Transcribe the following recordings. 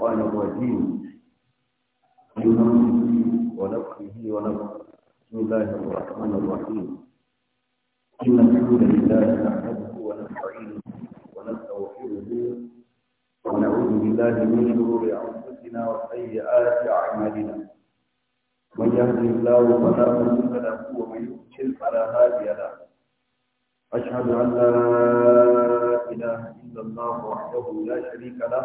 الشيطان الرجيم ونفخه ونفخه بسم الله الرحمن الرحيم إن الحمد لله نحمده ونستعينه ونستغفره ونعوذ بالله من شرور أنفسنا وسيئات أعمالنا من يهده الله فلا مضل له ومن يضلل فلا هادي له أشهد أن لا إله إلا الله وحده لا شريك له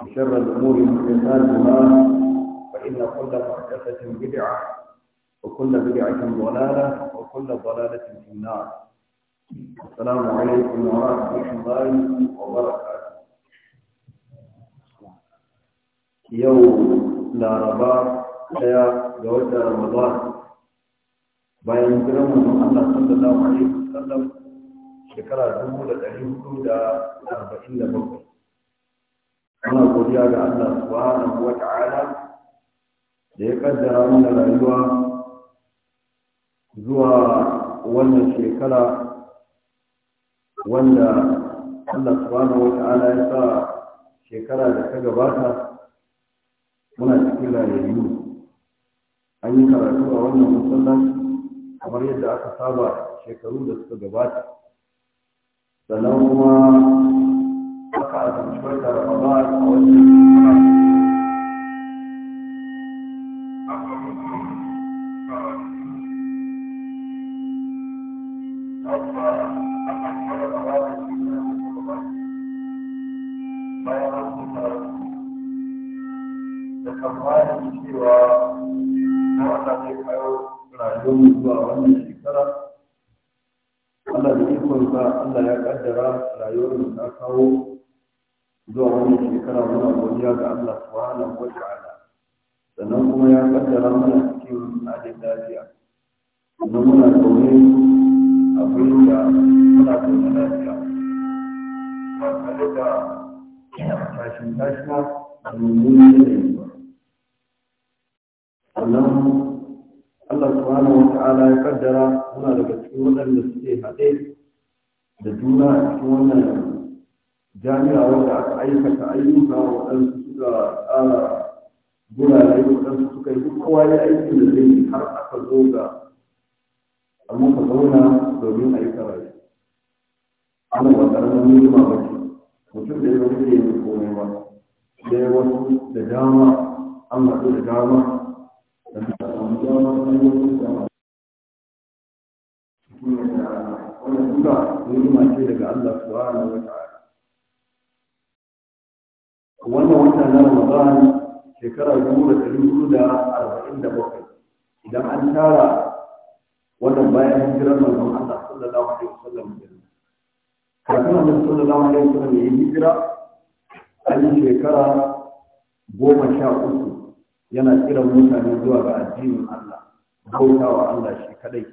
وشر الأمور محدثاتها فإن كل محدثة بدعة وكل بدعة ضلالة وكل ضلالة في النار السلام عليكم ورحمة الله وبركاته يوم لا ربا يا جوات رمضان bayan jiran manzon Allah sallallahu alaihi wasallam shekara dubu da ɗari hudu da muna godiya ga Allah subhanahu wa ta'ala da ya kaddara mana rayuwa zuwa wannan shekara wanda Allah subhanahu wa ta'ala ya sa shekara da ta gabata muna cikin rayayyu an yi karatu a wannan musallan kamar yadda aka saba shekaru da suka gabata sannan kuma ka azumci wata ramadan a wajen shekara Allah ya kaddara rayuwar da na kawo zuwa wani shekara muna godiya ga Allah subhanahu wa ta'ala sannan kuma ya kaddara mana cikin halin lafiya sannan muna zaune a gurin da muna zaune lafiya ba tare da tashin tashina da mummunan yi ba sannan Allah subhanahu wa ta'ala ya kaddara muna daga cikin waɗanda suke haɗe da juna a cikin wannan jami'a wanda aka aikata ayyuka waɗansu suka tsara gurare waɗansu suka yi duk kowa ya aiki da zai har aka zo ga amma ka zauna domin a yi karatu ana ba ƙaramin nima ba ce mutum da ya zama zai yi komai ba da ya wasu da dama an haɗu da dama da ta samu dama an yi wasu dama wannan duka nima ce daga Allah subhanahu wa ta'ala wannan wata na ramadan shekara biyu da ɗari hudu da arba'in da bakwai idan an tara wannan bayan hijirar manzon Allah sallallahu alaihi wasallam kafin annabi sallallahu alaihi wasallam ya yi hijira an yi shekara goma sha uku yana kiran mutane zuwa ga addinin Allah bautawa Allah shi kadai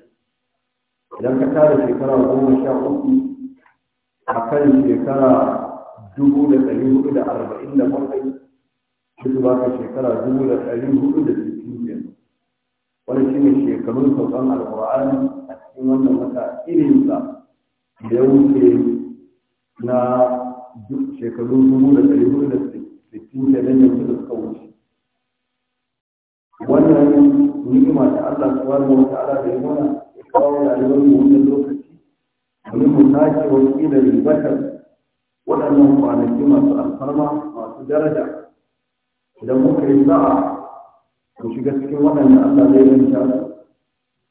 idan ka tara shekara goma sha uku a kan shekara dubu da ɗari hudu da arba'in da bakwai duk ba ka shekara dubu da ɗari hudu da sittin biyar wani shi ne shekarun sauran alƙur'ani a cikin wannan wata irinsa da ya wuce na shekaru dubu da ɗari hudu da sittin da nan yanzu da suka wuce wannan ni'ima da Allah subhanahu wa ta'ala da ya mana ya kawo da mu wannan lokaci domin mu sake wakilar ribatar waɗannan kwanaki masu alfarma masu daraja idan muka yi sa'a mu shiga cikin waɗanda Allah zai ranta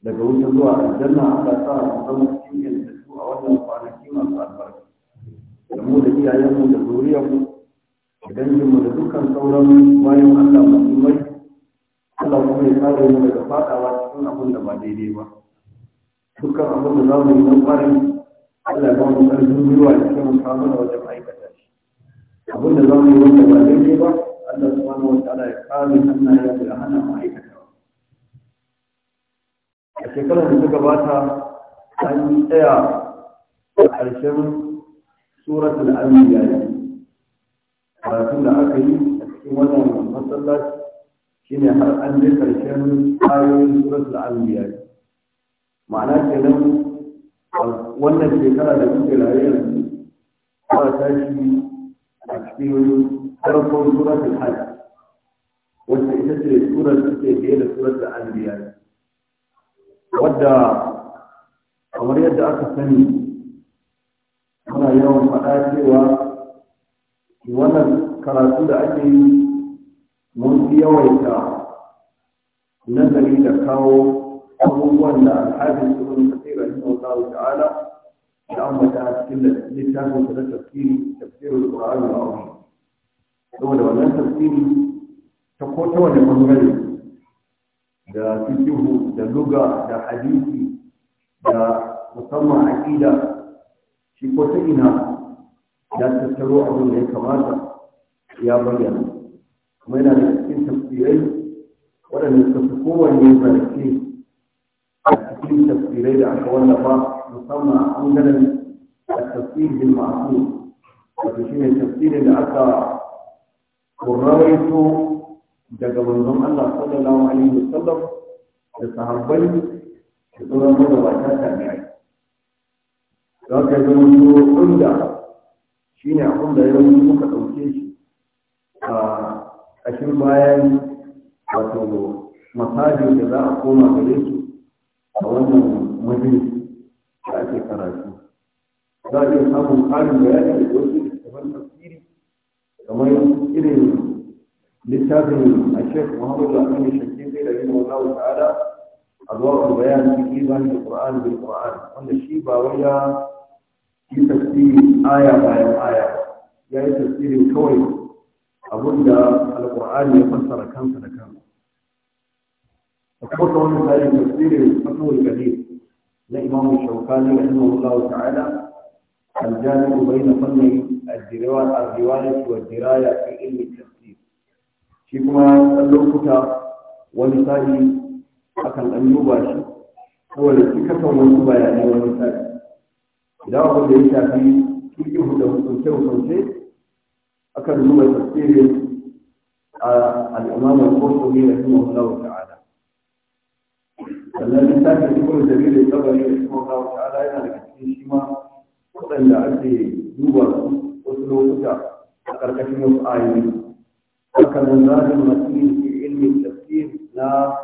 daga wuta zuwa aljanna Allah sa mu zama cikin su a wannan kwanaki masu albarka da mu da iyayenmu da idan jin mu da dukkan sauran bayan Allah musulmai Allah kuma ya kare mu daga faɗawa cikin abin da ba daidai ba dukkan abin da za mu yi na Allah ba mu san zuwa da kyau wajen aikata shi abin da za mu yi wanda ba daidai ba Allah subhanahu wa ta'ala ya kare hannayen da hana mu aikata a shekarar da ta gabata an yi tsaya a ƙarshen suratul anbiya karatun da aka yi a cikin wannan masallaci shine har an je ƙarshen ayoyin al anbiya ma'ana kenan wannan shekara da kuke raye yanzu ba tashi a cikin farkon suratul hajj wacce ita ce surar suke fiye da da biya anbiya wadda kamar yadda aka sani muna yawan faɗa cewa wannan karatu da ake yi mun fi yawaita nazari da kawo abubuwan da al'adun su القيم رحمه الله تعالى لأن متاعت كل لسان وثلاث تفسير تفسير القرآن العظيم دولة ولا da fikihu da luga da hadisi da musamman aƙida shi ko ina ya kamata ya bayyana kuma da cikin tafsirai kowanne zarafe cikin tafsirai da aka wallafa musamman ɓangaren tafsir bin ma'asu wato shi ne tafsirin da aka kurrawaito daga manzon Allah sallallahu alaihi wasallam da sahabbai da sauran magabata tabi'ai za ka zama so inda shi ne abin da yau muka ɗauke shi a ƙashin bayan wato masajin da za a koma gare su a wannan waje da ake karatu za a iya samun ƙarin bayani da wasu littafan tafsiri kamar irin littafin a shek muhammadu aminu shakke zai da yin wallahu ta'ala a zuwa bayan fi ibani da qur'an bil qur'an wanda shi ba wai ya yi tafsiri aya bayan aya ya yi tafsirin kawai abinda alqur'ani ya fassara kansa da kansa فقلت وأن هذا التفسير الفقه الكثير لإمام الشوكاني رحمه الله تعالى الجامع بين فني الرواية والدراية في علم التفسير shi kuma ɗan lokuta wani sa'i akan ɗan duba shi saboda shi kasan wasu bayanai wani sa'i idan abin ya shafi fiƙihu da hukunce-hukunce akan duba tafsirin a sannan in sake cikin da ya da ne kuma kawo ala yana da cikin shi ma waɗanda ake duba wasu lokuta a ƙarƙashin wasu ayoyi hakanan zalim masin fi ilmin tafsir na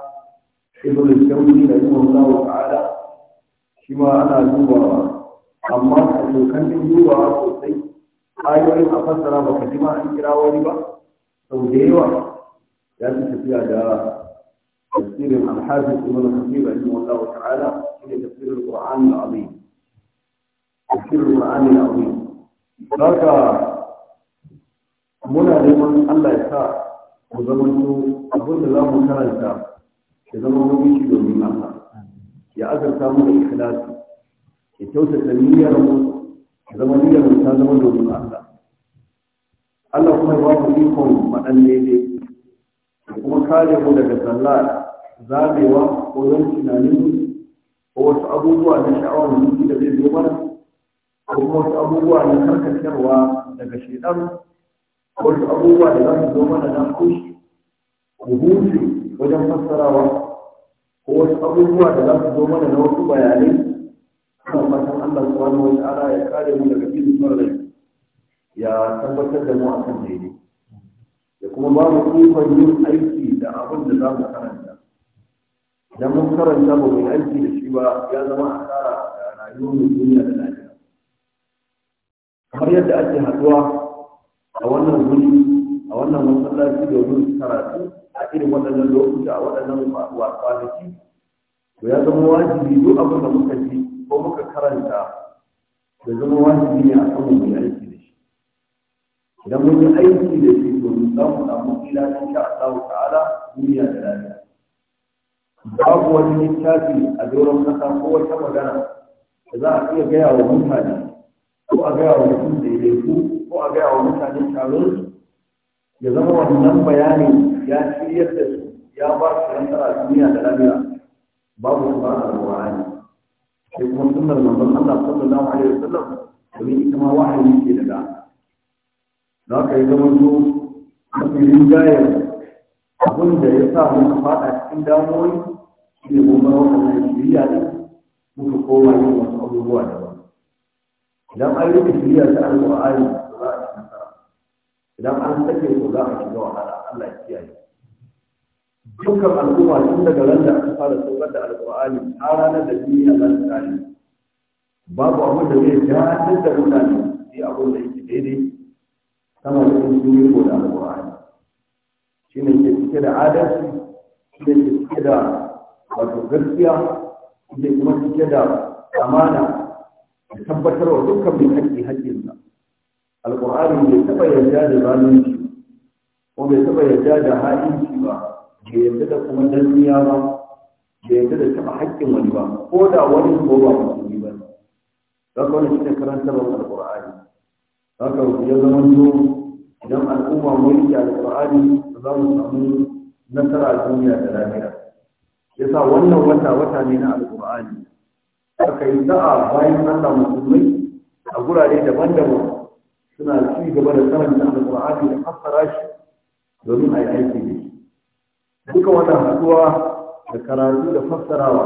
ibn al da da ibn Allah ta'ala shi ma ana dubawa amma a dokan dubawa sosai ayoyin a fassara ka ji ma an kira wani ba sau da yawa ya fi tafiya da تفسير الحافظ ابن كثير رحمه الله تعالى هي تفسير القرآن العظيم تفسير القرآن العظيم ذاك muna neman Allah ya sa mu zamanto abin da za mu karanta ya zama mun domin Allah ya azurta mu da ikhlasi ya kyautata niyyar mu ya zama niyyar mu ta zama domin Allah Allah kuma ya ba mu ikon faɗan daidai kuma kare mu daga zalla zabewa ko don tunanin ko wasu abubuwa na sha'awar zuci da zai zo mana ko kuma wasu abubuwa na karkatarwa daga shaidan ko wasu abubuwa da za su zo mana na kushi ku hutu wajen fassarawa ko wasu abubuwa da za su zo mana na wasu bayanai kuma fatan Allah subhanahu wa ta'ala ya kare mu daga bin rai ya tabbatar da mu akan daidai da kuma ba mu ikon yin aiki da abin da za mu karanta idan mun karanta ba mu aiki da shi ba ya zama a asara da rayuwar mu duniya da lafiya kamar yadda ake haduwa a wannan wuri a wannan masallaci domin karatu a irin waɗannan lokuta a waɗannan kwanaki to ya zama wajibi duk abin da muka ji ko muka karanta da zama wajibi ne a kan mu aiki idan mun yi aiki da shi to za mu samu ila sha Allah ta'ala duniya da lafiya babu wani littafi a doron kasa ko wata magana da za a iya gaya wa mutane ko a gaya wa mutum daidaiku ko a gaya wa mutane taron ya zama wannan bayani ya shiryar da su ya ba su nasara duniya da lafiya babu su ba a ruwani sai kuma sunnar manzon Allah sallallahu alaihi wasallam domin ita ma wahayi da daga za ka yi zama a filin gayar abin da ya sa muka faɗa cikin damuwoyi shi ne kuma wannan shirya ne muka koma yin wasu abubuwa da ba idan an yi shirya ta alƙur'ani to za a ci nasara idan an sake ko za a shiga wahala Allah ya kiyaye dukkan al'umma tun daga ran da aka fara saukar da alƙur'ani a ranar da duniya za ta babu abin da zai jahantar da mutane sai abin da yake daidai sama da sun sun ko da alƙur'ani shi ne ke cike da adalci shi ne ke cike da wato gaskiya shi ne kuma cike da amana da wa dukkan mai haƙƙi haƙƙinsa alƙur'ani bai taɓa yarda da zalunci ko bai taɓa yarda da ha'inci ba bai yarda da kuma danniya ba bai yarda da taɓa haƙƙin wani ba ko da wani ko ba musulmi ba ne. Zaka wani shi ne ba alƙur'ani. haka ya zama to idan al'umma mulki alqur'ani za mu samu nasara duniya da lafiya yasa wannan wata wata ne na alqur'ani aka yi sa'a bayan Allah musulmai a gurare daban-daban suna ci gaba da karanta alqur'ani da fassara shi domin a yi aiki da shi duka wata haɗuwa da karatu da fassarawa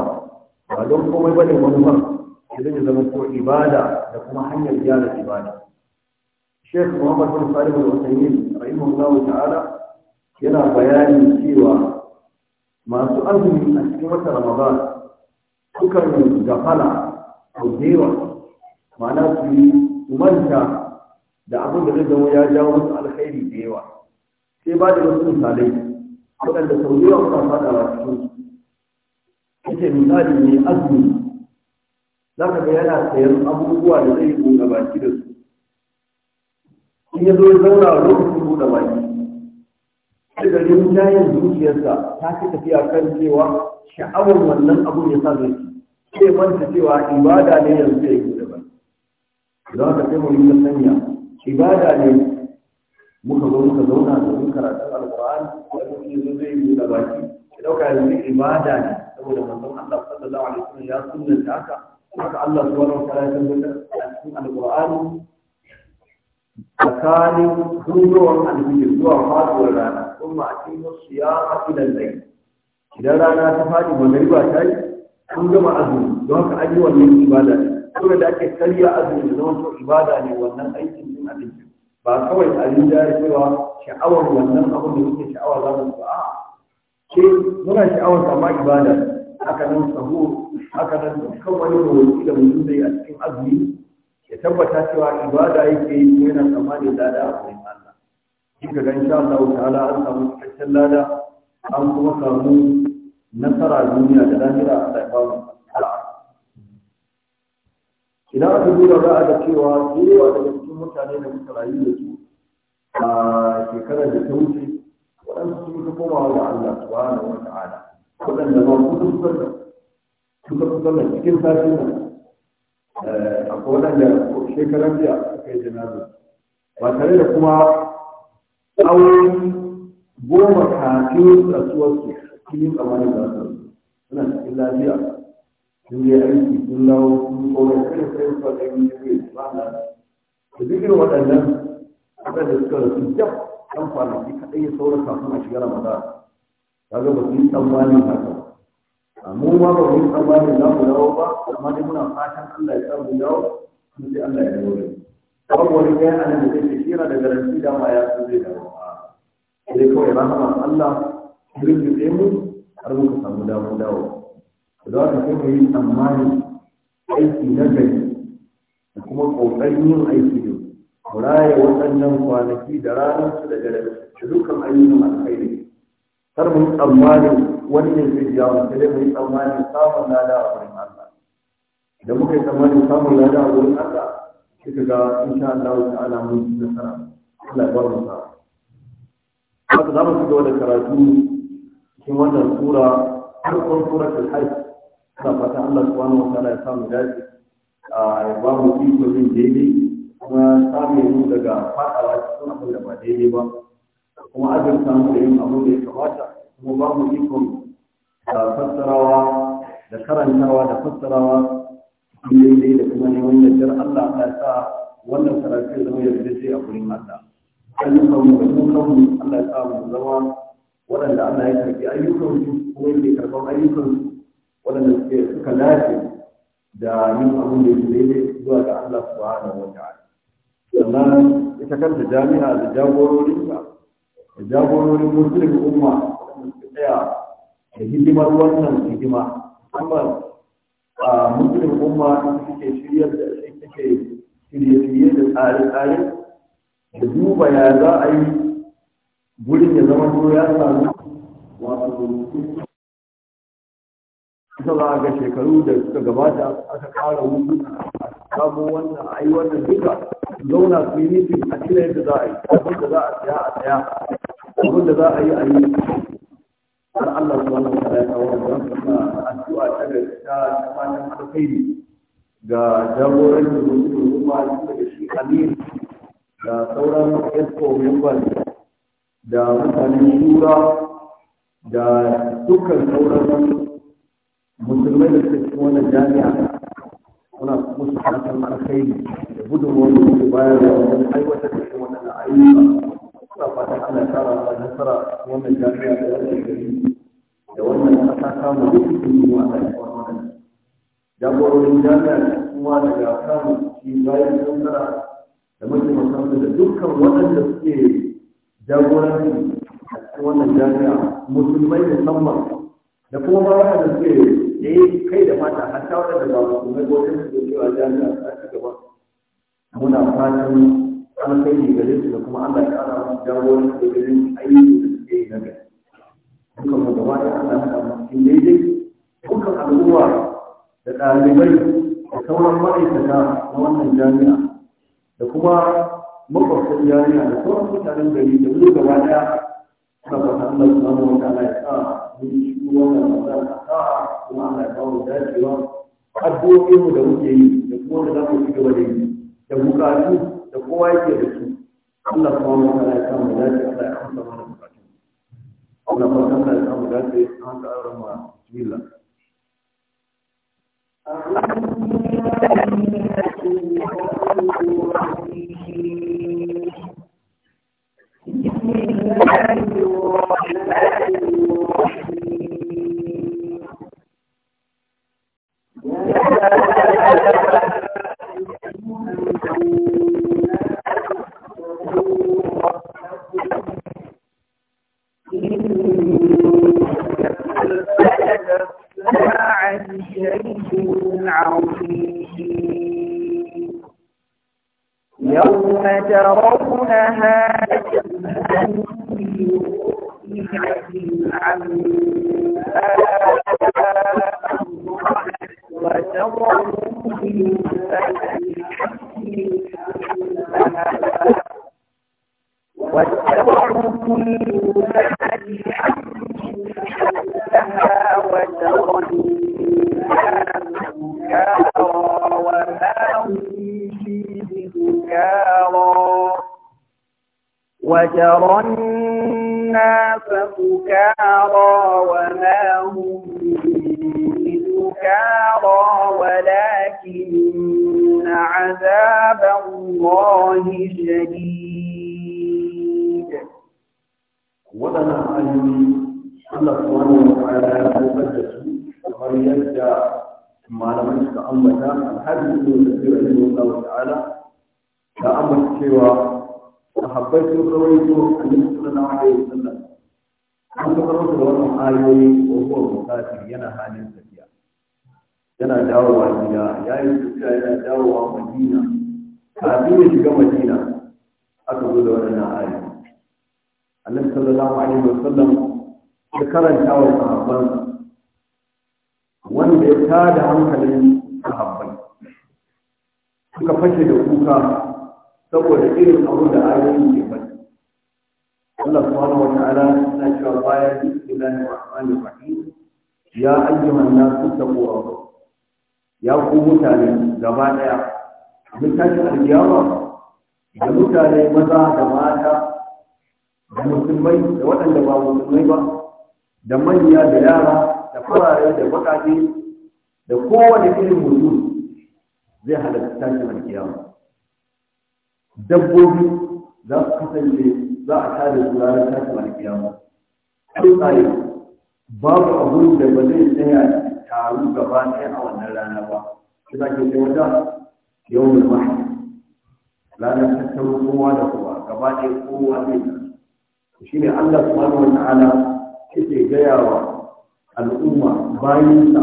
ba don komai bane manufar idan ya zama ko ibada da kuma hanyar gyara ibada Sheikh Muhammad bin Salim al-Utaymin rahimahullahu ta'ala yana bayanin cewa masu azumi a cikin wata Ramadan sukan gafala ko dewa ma'ana su yi manta da abin da zai zama ya jawo musu alkhairi da yawa sai ba da wasu misalai waɗanda sau da yawa suna faɗawa su kace misali ne azumi za ka ga yana sayan abubuwa da zai yi gaba da su in ya zo ya zauna a lokacin buɗe baki sai da rinjayen zuciyarsa ta fi tafiya kan cewa sha'awar wannan abun ya sa zai ci. sai manta cewa ibada ne yanzu ya yi buɗe baki don haka sai mu rinka sanya ibada ne muka zo muka zauna da mun karatun alƙur'ani wani mutum zo zai yi buɗe baki ya ɗauka yanzu ibada ne saboda manzon Allah sallallahu alaihi wasallam ya sunnanta haka haka Allah subhanahu wa ta'ala ya tabbata a cikin alƙur'ani tsakanin duniyar alhijir zuwa faduwar rana kuma a cikin wasu ya haɗu da zai. idan rana ta faɗi magariba ta yi an gama azumi don haka an yi wannan ibada ne kuma da ake karya azumi da zama to ibada ne wannan aikin din abinci ba kawai abin yi ya cewa sha'awar wannan abin da kuke sha'awa za mu ba ke muna sha'awar sama ibada haka nan sahu haka nan dukkan wani mawuci da mutum zai a cikin azumi ya tabbata cewa ibada yake yi kuma yana da lada a wurin Allah shi ga gan sha Allah ta'ala an samu cikakken lada an kuma samu nasara duniya da lahira a tsakanin idan aka duba za a ga cewa yawa daga cikin mutane da muka rayu da su a shekarar da ta wuce waɗansu sun fi komawa wa Allah subhanahu wa ta'ala waɗanda ba su kusa da cikin sashi nan a kowane da shekaran biya aka yi janazu ba tare da kuma tsawon goma kafin rasuwarsu cikin tsammanin da su suna cikin lafiya sun je aiki sun dawo sun kowa kada sai su faɗa yin jirgin ba na da zikin waɗannan da suka rasu jam ɗan kwanaki kaɗai ya saura kafin a shigar ramadan kaga ba su yi tsammanin haka mu ma ba mu tsamma da za mu dawo ba amma dai muna fatan Allah ya sa mu dawo kuma sai Allah ya dawo da babu wani ɗaya a nan da zai shira da garanti da ma ya san zai dawo ba. sai kawai rahama Allah irin da sai mu har muka samu dawo dawo da haka sai mu yi tsammani aiki na gari da kuma ƙoƙarin yin aiki ne mu raya waɗannan kwanaki da ranar su da daren da dukkan ayyukan alkhairi har mu tsammanin ne zai biya mu sai mu yi samun lada a wurin Allah idan muka yi tsammani samun lada a wurin Allah sai ka ga insha Allah ala mun yi nasara Allah ya bar mu sa'a haka za mu ci gaba da karatu cikin wannan sura sura ta hajj ana fata Allah subhanahu wa ta'ala ya samu dace a ya ba mu iko yin daidai kuma samu mu daga fadawa cikin abin da ba daidai ba kuma ajin samu da yin abin da ya kamata ko ba mu ikon fassarawa da karantawa da fassarawa daidai da kuma neman yardar Allah ta sa wannan karatun zama yarda sai a kurin Allah sannan ba mu ga kanmu Allah ya sa zama waɗanda Allah ya karɓi ayyukansu kuma yake karɓar ayyukansu waɗanda suka lafi da yin abin da yake zuwa ga Allah subhanahu wa sannan ita kanta jami'a da jagororinta jagororin musulun umma su tsaya da hidimar wannan hidima musamman a musulun umma suke shirya da suke shirye-shirye da tsare-tsare da duba ya za a yi gurin ya zama to ya samu wato kusa za a ga shekaru da suka gabata aka kara wuce a samu wannan a yi wannan duka zauna su yi nufin a cire yadda za a yi abin da za a tsaya a tsaya abin da za a yi a yi har Allah subhanahu wani wata ya kawo a addu'a ta da ta fatan alkhairi ga jagoran da su kuma da shi Amir da sauran ESCO members da mutanen Shura da dukkan sauran musulmai da suke cikin wannan jami'a muna musu fatan alkhairi da gudunmawar da suke bayarwa wajen aiwatar da shi wannan ayyuka suna fatan Allah ta rasa nasara wannan jami'a da wannan gari da wannan ƙasa samu da su yi wa Allah ya wannan jagororin jami'a kuma daga samu shi bayan nasara da mataimakansu da dukkan waɗanda suke jagoranci a cikin wannan jami'a musulmai musamman da kuma ba waɗanda suke da yi kai da mata hatta waɗanda ba musulmai ko wajen su ke cewa jami'a ta ci gaba muna fatan an kai ne gare su da kuma Allah ya ƙara musu jagoranci da garin aiki da suke yi na gari dukan mu gaba da Allah ya ƙara musu daidai dukkan al'umma da ɗalibai da sauran ma'aikata na wannan jami'a da kuma makwabtan jami'a da sauran mutanen gari da mu gaba ɗaya suna fata Allah subhanahu wa ta'ala ya sa mu yi shi wannan magana a sa'a kuma Allah ya kawo dacewa addu'o'in mu da muke yi da kuma da za mu ci gaba da yi da bukatu da kowa yake da su Allah kuma mu kana kan mu da Allah ya amsa mana bukatun Allah kuma kana kan mu da sai an ka aure mu bismillah بسم الله الرحمن الرحيم عن شيء عظيم يوم ترونها تذهل كل مرضعة عما وتضع في واتبعوا كل ذات حملها وترني سكارى وما هم فيه سكارى الناس سكارى وما هم سكارى ولكن عذاب الله شديد waɗannan hanyoyi Allah subhanahu wa ta'ala ya saukar da su kamar yadda malamai suka ambata alhaji ibn kathir rahimahullah ta'ala ta ambata cewa sahabbai sun rawaito annabi sallallahu alaihi wasallam an saukar musu da wannan ayoyi wa huwa musafir yana halin tafiya yana dawowa gida ya yi tafiya yana dawowa madina kafin ya shiga madina aka zo da waɗannan ayoyi annabi sallallahu alaihi wasallam ya karanta wa sahabban wanda ya tada hankalin sahabbai suka fashe da kuka saboda irin abu da ayoyi ke faɗi Allah subhanahu wa ta'ala yana cewa bayan bismillahir rahmanir rahim ya ayyuhan nasu taqu ya ku mutane gaba daya mun tashi alkiyama da mutane maza da mata da musulmai da waɗanda ba musulmai ba da manya da yara da farare da baƙaƙe da kowane irin mutum zai halarci mai kiyama dabbobi za su kasance za a tare su ranar tashin alkiyama tsaye babu abun da ba zai tsaya taru gaba ɗaya a wannan rana ba shi za ke kai wata da mahaifi ranar tattaro kowa da kowa gaba ɗaya kowa zai shine Allah subhanahu wa ta'ala yake gaya wa al'umma bayansa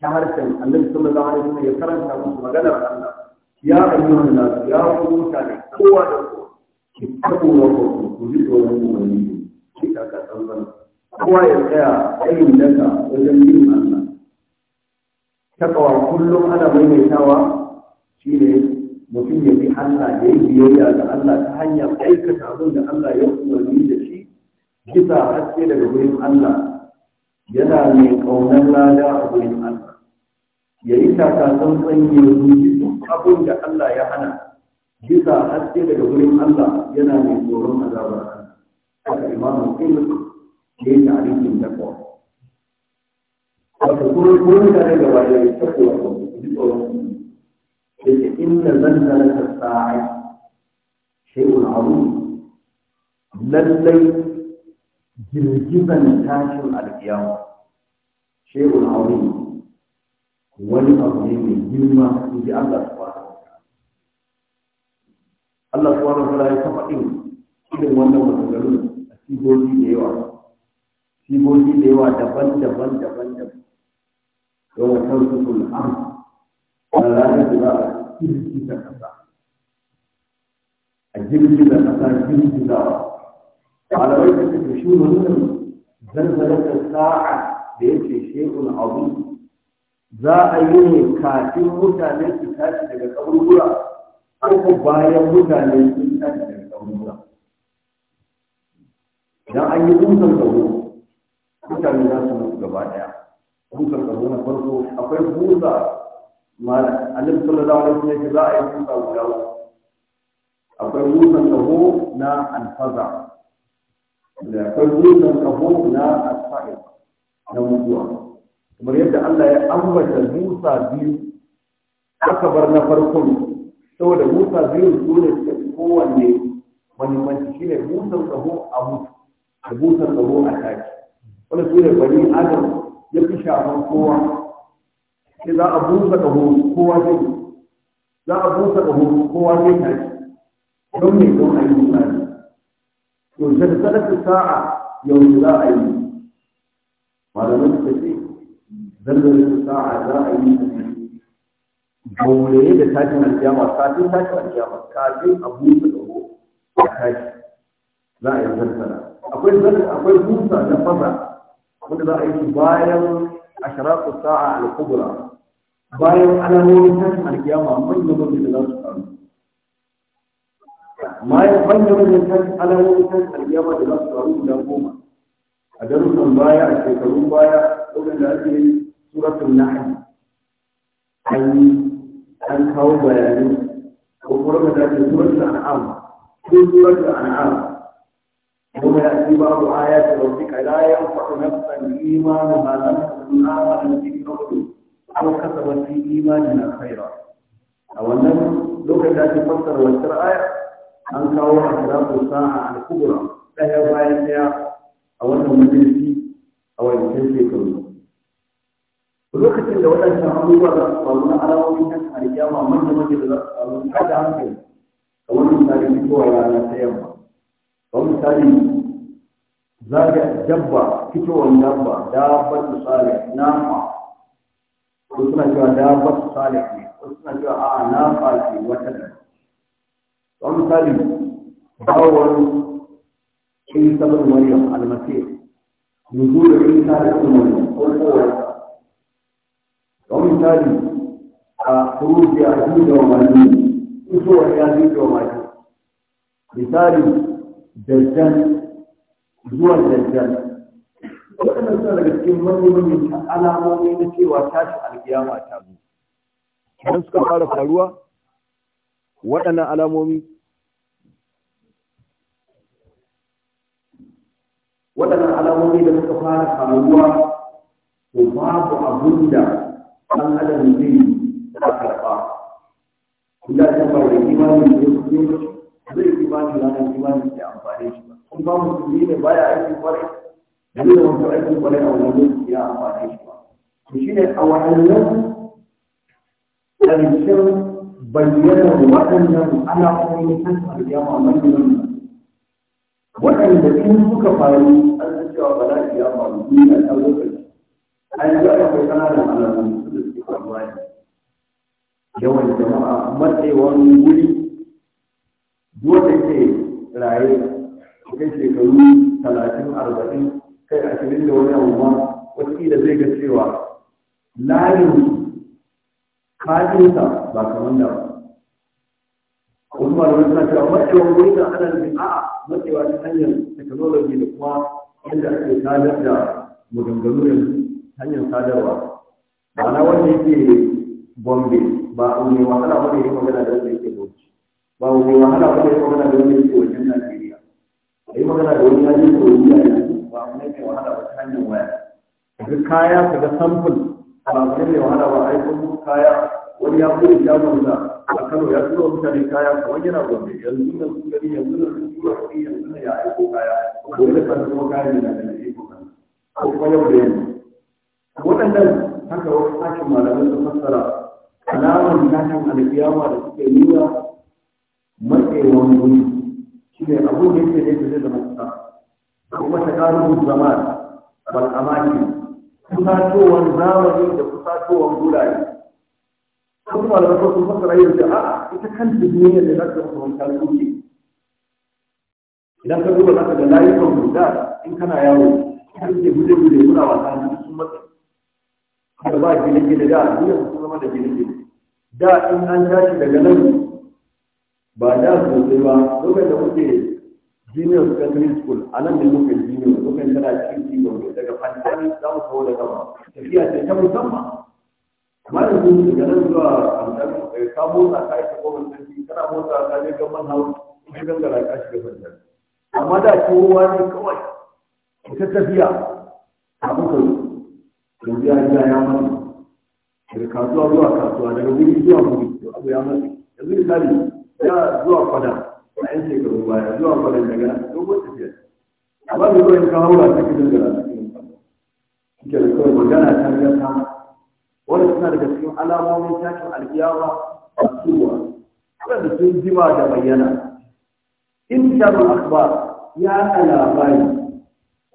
ta harshen annabi sallallahu alaihi wasallam ya karanta musu maganar Allah ya ayyuhan nas ya ku mutane kowa da kowa ki tabu wa ku ku ji tsoron wani, ki ta ka tsantsan kowa ya tsaya tsayin daka wajen bin Allah takawa kullum ana maimaitawa shine mutum ya bi Allah ya yi biyayya ga Allah ta hanyar aikata abin da Allah ya umarni da bisa haske daga wurin Allah yana mai ƙaunar lada a wurin Allah ya yi takasan tsanye zuci duk abin da Allah ya hana bisa haske daga wurin Allah yana mai tsoron azabar Allah haka imamu ne ta yi da takwa wata kuma kuma da daga wajen ya takwa wato ji tsoron da ke inda ta sa'a shaikun abu lallai girgizan tashin alƙiyawa shehun aure wani abu ne mai girma in ji Allah su fara Allah su fara fara ya taɓa ɗin irin wannan matsalar a sigogi da yawa sigogi da yawa daban-daban daban-daban don wata rukun am a ranar da za a girgiza ƙasa a girgiza ƙasa girgizawa malamai da suka shi wannan zalzalatar sa'a da ya yake shekun abu za a yi ne kafin mutane su tashi daga kaburbura ko bayan mutane sun tashi daga kaburbura idan an yi kusan gabo mutane za su mutu gaba daya kusan gabo na farko akwai kusa, alim sallallahu alaihi wasallam za a yi kusa guda akwai busan gabo na alfaza da akwai dutsen kafo na asfa'il na mutuwa kamar yadda Allah ya ambata Musa biyu aka bar na farkon saboda Musa biyu su ne suka fi kowanne mahimmanci shine dutsen kafo a mutu da dutsen kafo a taki wani su ne bani Adam ya fi shafan kowa sai za a busa kafo kowa zai za a busa kafo kowa zai taki don me don a yi misali to da sadaka sa'a yau za a yi malamin ta ce zallar sa'a za a yi gauraye da tashin alkiyama kafin tashin alkiyama kafin a busa tsoro a tashi za a yi zartara akwai zartara akwai busa na fasa wanda za a yi bayan asharatu sa'a al-kubra bayan alamomin tashin alkiyama manyan da za su faru ma ya fanta wajen kan alamomin kan alƙiyama da za su faru guda goma a darussan baya a shekarun baya da ake yi suratun nahl an an kawo bayanai ko kuma da ake suratul an'am ko suratul an'am يوم يأتي بعض آيات ربك لا ينفع نفسا إيمانها لم آمن في ربه أو كسبت في إيمانها خيرا أولا لو كانت تفسر وتر aya. an kawo sa a al-kubra ɗaya bayan ɗaya a wannan majalisi a wancan shekaru lokacin da wadannan abubuwa da su faru na alamomin nan alƙiyama manya manya da za su faru hankali da wannan tarihi ko a rana ta yamma tarihi misali zaga dabba fitowar dabba dabba su na nama ko suna cewa dabba su sale ne ko suna cewa a'a na ce wata dabba ومثالي أول عيسى بن مريم المسيح نزول عيسى بن مريم والقوة ومثالي خروج يأجوج ومأجوج نزول يأجوج ومأجوج مثالي دجال zuwan dajjal waɗannan suna daga cikin ta alamomi na cewa tashi alkiyama ta zo idan suka fara faruwa waɗannan alamomi waɗannan alamomi da suka fara faruwa to babu abun da ɗan adam zai a karɓa kuma ta ba da imanin da ya fito zai imanin ranar imanin da amfani shi ba kun ba musulmi ne baya aiki kwarai da zai wata aiki kwarai a wani lokaci ya amfani shi ba to shi ne a waɗannan ƙarshen bayyanar waɗannan alamomi kan alƙiyama manyan waɗanda in suka faru an san cewa bala'i ya faru duniya ta lokaci a yanzu ana kai ƙananan alamun da suke faruwa ne yawan jama'a wani wuri wanda ke raye kai shekaru talatin arba'in kai ashirin da wani abu ma da zai ga cewa layin kajinsa ba kamar da ba wasu malamai suna cewa matsewa wuri na ana nufin a'a matsewa ta hanyar technology da kuma yadda ake sadar da maganganu yanzu hanyar sadarwa ma'ana wanda yake gombe ba a mai wahala wanda ya magana da wanda yake bauchi ba a mai wahala wanda ya magana da wanda yake wajen najeriya a yi magana da wani yaji ko wani yaji ba a mai mai wahala ba ta hanyar waya ka kaya ka ga sample ba a mai wahala ba a yi kaya wani ya kuma shagon sa a kano ya tura mutane kaya kamar yana gombe yanzu da sun gani yanzu da sun tura kuɗi yanzu da ya aiko kaya ko da kan kuma kaya ne na da ya aiko kaya ko kuma yau da yamma waɗannan haka wasu sakin malamai su fassara alamar tashin alƙiyama da suke nuna matsewan wuri shi ne abin da yake ne zai zama kusa kuma ta ƙarin zaman wal amaki kusatowar zamani da kusatowar gurare wasu malamai ko sun fasara yau da a'a ita kan duniya da za ta zama kamar kalmomi idan ka duba zaka da layukan guda in kana yawo kan ke guje guje muna wasa da sun matsa da ba gine gine da duniya sun zama da gine gine da in an tashi daga nan ba da sosai ba lokacin da muke junior secondary school a nan da muke junior lokacin tana cikin ciwon daga fantasy za mu kawo da gaba tafiya ce ta musamman wani zuwa daga nan zuwa kankan eh, ka motsa ka yi shigo bantanci kana motsa ka je gaban hau ka gangara ka shiga bantanci amma da kowa ne kawai ta tafiya a muka yanzu ya riga ya mutu daga kasuwa zuwa kasuwa daga wuri zuwa wuri to abu ya mutu yanzu misali ya zuwa kwada a yan shekaru baya zuwa kwada daga dogon tafiya amma da zuwa ka haura ta gidan gara cikin kasuwa kike da kawai magana ta ga ta wanda suna daga cikin alamomin tashin alkiyawa a suwa da sun jima da bayyana in sharu akhbar ya ka labari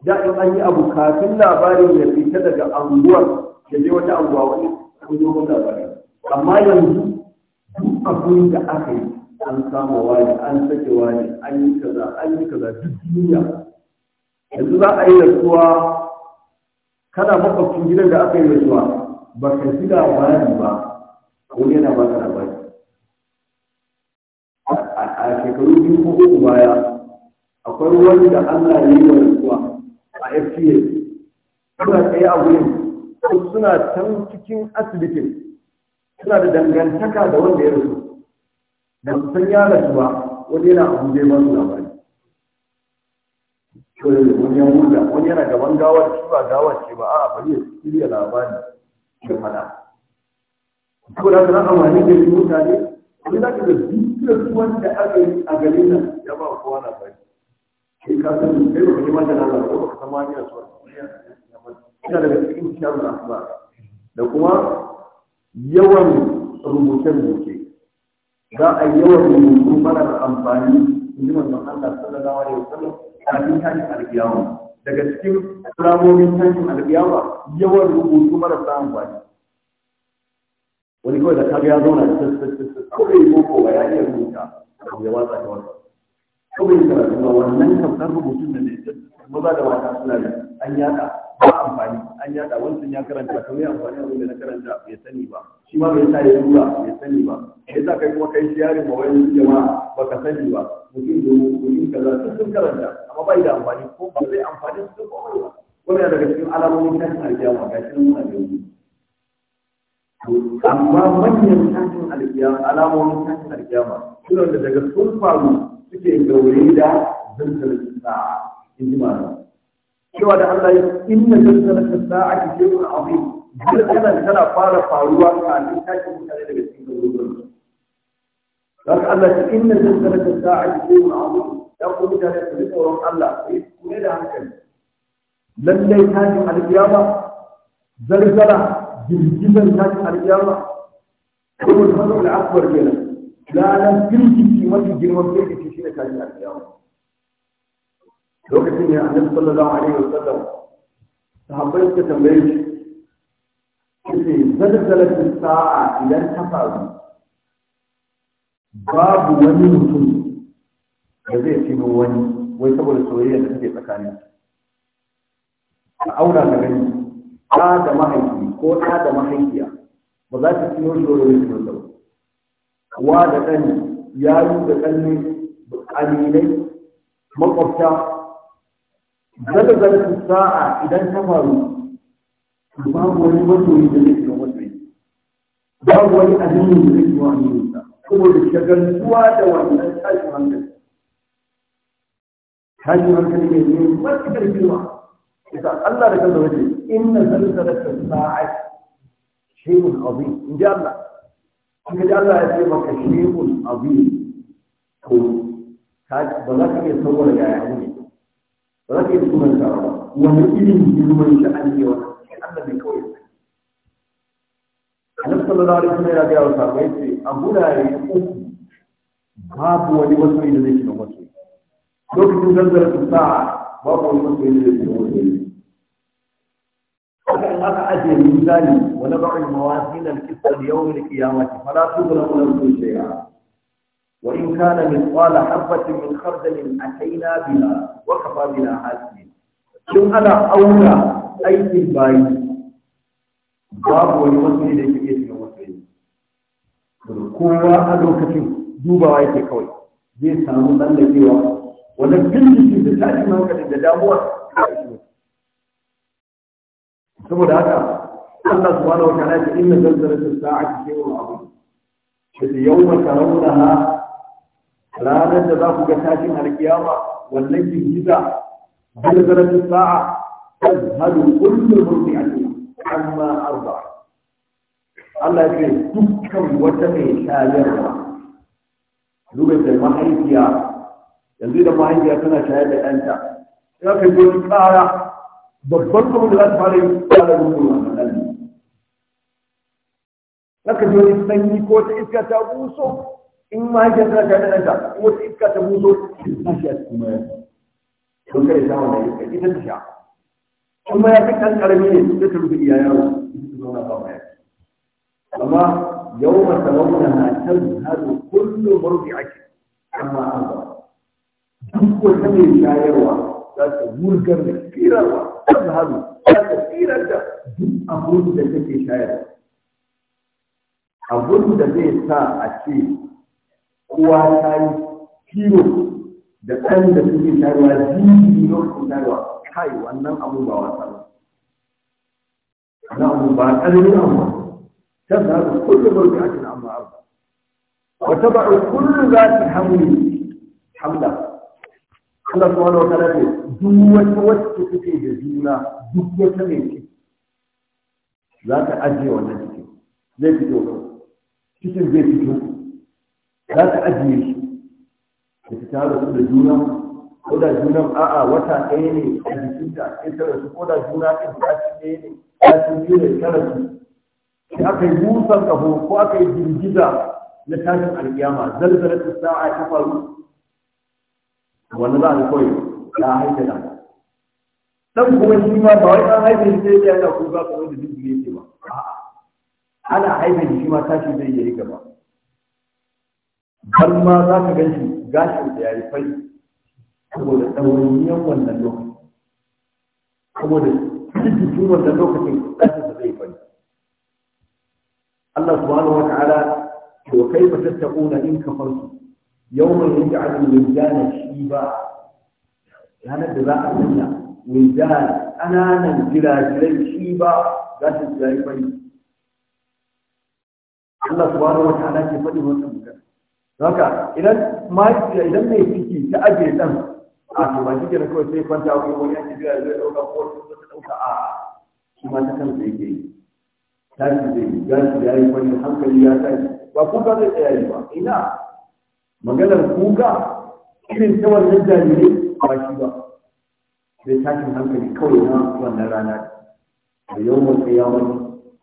da in an yi abu kafin labarin ya fita daga anguwar da je wata anguwa wani wani labari amma yanzu duk abin da aka yi an samu wani an sake wani an yi kaza an yi kaza duk duniya yanzu za a yi rasuwa kana makwabcin gidan da aka yi rasuwa ba ka ji labari ba ko yana ba ka labari a shekaru biyu ko uku baya akwai wanda Allah ya yi wa rasuwa a FTA suna tsaye a wurin suna can cikin asibitin suna da dangantaka da wanda ya rasu da su san ya rasu ba wani yana abuja ba su labari wani yana gaban gawar ce ba gawar ce ba a bari ya shirya labari da fada ko da kana amfani da shi mutane wani za ka ga su wanda aka yi a gare nan ya ba kowa na bai sai ka san kai ba ka yi mata na ba ko ka san ma ya so ina daga cikin sharri akbar da kuma yawan rubuce-rubuce za a yi yawan rubutu marar amfani in ji manzon Allah sallallahu alaihi wasallam a cikin tashin alkiyama daga cikin ramomin tankin alƙiyama yawan rubutu marasa amfani wani kawai da kaga ya zauna da sassassassa kawai ko ba ya iya rubuta abu ya watsa ta wata kawai karatu ba wannan rubutun da ne maza da mata suna da an yada ba amfani an yada wancan ya karanta to me amfani abin na karanta bai sani ba shi ma bai sa ya tura bai sani ba me yasa kai kuma kai shiyarin ma wani jama'a baka sani ba mutum da mutum kaza duk sun karanta amma bai da amfani ko ba zai amfani su komai ba wannan daga cikin alamomin tashin alkiyama ga shi muna da yanzu amma manyan tashin alkiyama alamomin tashin alkiyama suna da daga sun faru suke gaure da zalzalar sa in ji malam cewa da Allah ya inna zalzalata sa'ati shay'un azim zalzalan tana fara faruwa kafin cikin mutane daga cikin garuruwan dan Allah ta inna zalzalata sa'ati shay'un azim ya ku mutane su tsoron Allah ku yi da hankali lallai tashin alkiyama zalzala ta ci alkiyama kuma da hannu da akbar kenan ranar girgizi mafi girman girgizi shi ne tashin alkiyama لوقتي يا النبي صلى الله عليه وسلم صحابيك تمليش كتي زلزلت الساعة إلى الحفاظ باب ومنتم جزيت من ون ويتبول السورية التي تكاني أولا لغني ما هي فيه ما هي فيه بذات السنور جولو يسمى دو وادا أن يالو بقلني بقليني مقفتا daga zarfin sa'a idan ta faru babu wani masoyi da zai ga wani babu wani addini da zai ga wani saboda shagaltuwa da wannan tashin hankali tashin hankali ne ne matuƙar girma isa Allah da kansa wace inna zalzalatus sa'at shay'un azim in ji Allah an ji Allah ya ce maka shay'un azim to ba za ka iya saboda ga ya ne ba za ka yi tawa wani irin girman sha'ani ne sai Allah ne kawai sai Annabi sallallahu alaihi wasallam ya ga wa sahabbai ce a gurare uku babu wani masoyi da zai shiga masoyi lokacin zanzara ta sa'a babu wani masoyi da zai shiga masoyi وكان هذا أجل من ذلك ونضع الموازين القسط ليوم القيامة فلا تظلم نفس شيئا وإن كان مثقال حبة من خردل أتينا بها wa kafa bina hasibi tun ana auna aikin bayi babu wani wasu da yake cikin wasu ne kowa a lokacin dubawa yake kawai zai samu tsallakewa wanda binciki da tashin hankali da damuwa saboda haka Allah subhanahu wa ta'ala ya inna zalzalatus sa'ati shay'un 'azim kace yawma tarawunaha ranar da za ku ga tashin alkiyama والتي هل بلغت الساعة تذهل كل مرضعة عما أرضع الله يقول تكم وتمي شاير لغة المحيطية يزيد المحيطية كنا شاهد أنت ya ka je wani tsara babban قال da za ta fara yi tsara rubu a kanan in ma ya sa ta nan ta wata iska ta buso ta shi a cikin maya don kare ta wannan iska ita ta sha in ma ya fi kan karami ne ta ta rufe iya yawo ita ta zauna ba maya amma yau ma ta zauna na can hadu kullum murfi ake amma an ba duk wata mai shayarwa za ta wurgar da firarwa ta hadu za ta firar da duk abin da take shayarwa abin da zai sa a ce kowa ta yi kiro da ɗan da suke tarwa jini lokacin tarwa kai wannan abu ba wasa ba wannan abu ba ƙarfi amma za su kullum ba ta cikin amma abu wa tabu za su hamli hamla Allah su wa ta'ala ce duk wata wacce take da juna duk wata mai ce za ta ajiye wannan cikin. zai fito cikin zai fito za ka ajiye shi da ta tara su da juna ko da juna? a'a wata ɗaya ne a ta ake ta su ko da juna ɗin sati ɗaya ne sati biyu da ta su? sai aka yi busan ƙaho ko aka yi girgiza na tashin alƙiyama zalzalar ta sa'a ta faru wanda za a yi kawai ya haife da dan kuma shi ma ba wai an haife sai ya da kuka kamar da duk yake ba a'a ana haife shi ma tashi zai yi gaba har ma za ka gan gashin da ya yi fai saboda ɗawainiyar wannan lokacin saboda cikin wannan lokacin gashin da zai fari Allah subhanahu wa ta'ala to kai ba tattauna in ka kafarsu yawman yaj'al al shi ba, ranar da za a sanya wijana ƙananan jirajirai shiba za su jirayi fari Allah subhanahu wa ta'ala ke faɗi wannan magana haka idan maki idan mai ciki ta ajiye dan a to ba kike kawai sai kwanta ko wani ya tafi zai dauka ko ta dauka a shi ma ta kan zai yi tashi zai yi gashi ya yi wani hankali ya yi ba kuka zai tsaya ba ina maganar kuka irin ta wannan jarirai ba shi ba sai tashin hankali kawai na wannan rana da yawon tsayawar